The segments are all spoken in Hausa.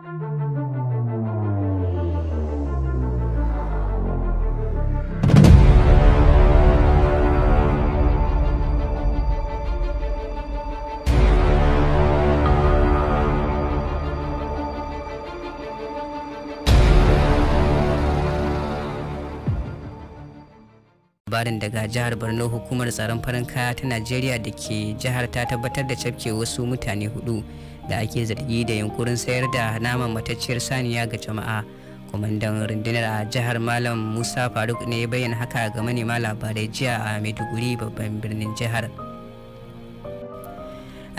labarin daga jihar borno hukumar tsaron farin kaya ta najeriya da ke jihar ta tabbatar da cafke wasu mutane hudu da ake zargi da yunkurin sayar da naman matacciyar saniya ga jama'a kwamandan rundunar a jihar malam musa faruk ne bayyana haka ga manema labarai jiya a maiduguri babban birnin jihar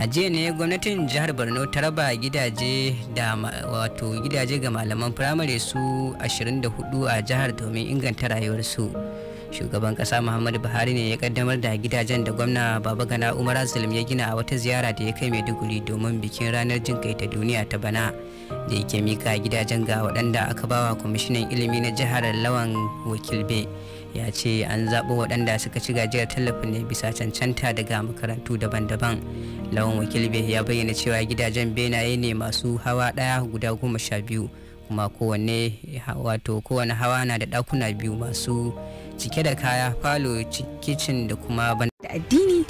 a jiya ne gwamnatin jihar borno ta raba gidaje da wato gidaje ga malaman firamare su 24 a jihar domin inganta rayuwarsu. su shugaban kasa muhammadu buhari ne ya kaddamar da gidajen da gwamna baba gana umar azulum ya gina a wata ziyara da ya kai maiduguri domin bikin ranar jin kai ta duniya ta bana da yake mika gidajen ga waɗanda aka bawa kwamishinan ilimi na jihar lawan wakilbe ya ce an zaɓi waɗanda suka ci gajiyar tallafin ne bisa cancanta daga makarantu daban-daban lawan wakilbe ya bayyana cewa gidajen benaye ne masu hawa ɗaya guda goma sha biyu kuma kowanne wato kowane hawa na da ɗakuna biyu masu cike da kaya falo kicin da kuma ban da addini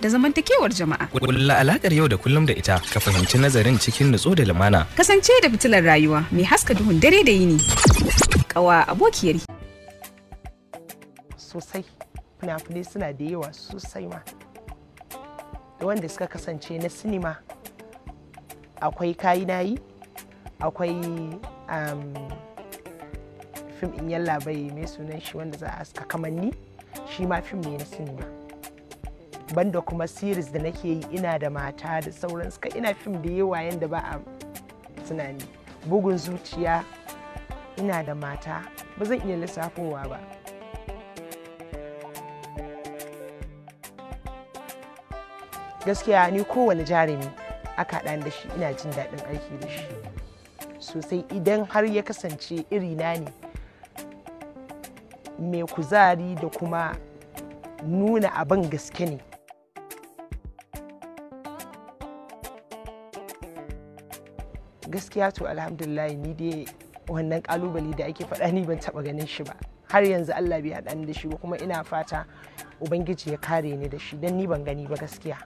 da zamantakewar jama'a. Kulla alakar yau da kullum da ita ka fahimci nazarin cikin nutso da lumana. Kasance da fitilar rayuwa mai haska duhun dare da yini. Kawa abokiyar. Sosai fina-finai suna da yawa sosai ma. Da wanda suka kasance na sinima akwai kayi nayi akwai um, fim in yalla bai mai sunan shi wanda za a kamanni shi ma fim ne na sinima banda kuma series da nake yi ina da mata da sauran suka ina fim da yawa yanda ba a tunani bugun zuciya ina da mata ba zan iya lissafowa ba gaskiya ni kowane jarumi aka haɗa da shi ina jin daɗin aiki da shi sosai idan har ya kasance irina ne mai kuzari da kuma nuna abin gaske ne gaskiya to alhamdulillah ni dai wannan kalubale da ake faɗa ni ban taɓa ganin shi ba har yanzu allah bai haɗa ni da shi ba kuma ina fata ubangiji ya kare ni da shi don ni ban gani ba gaskiya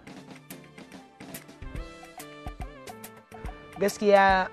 gaskiya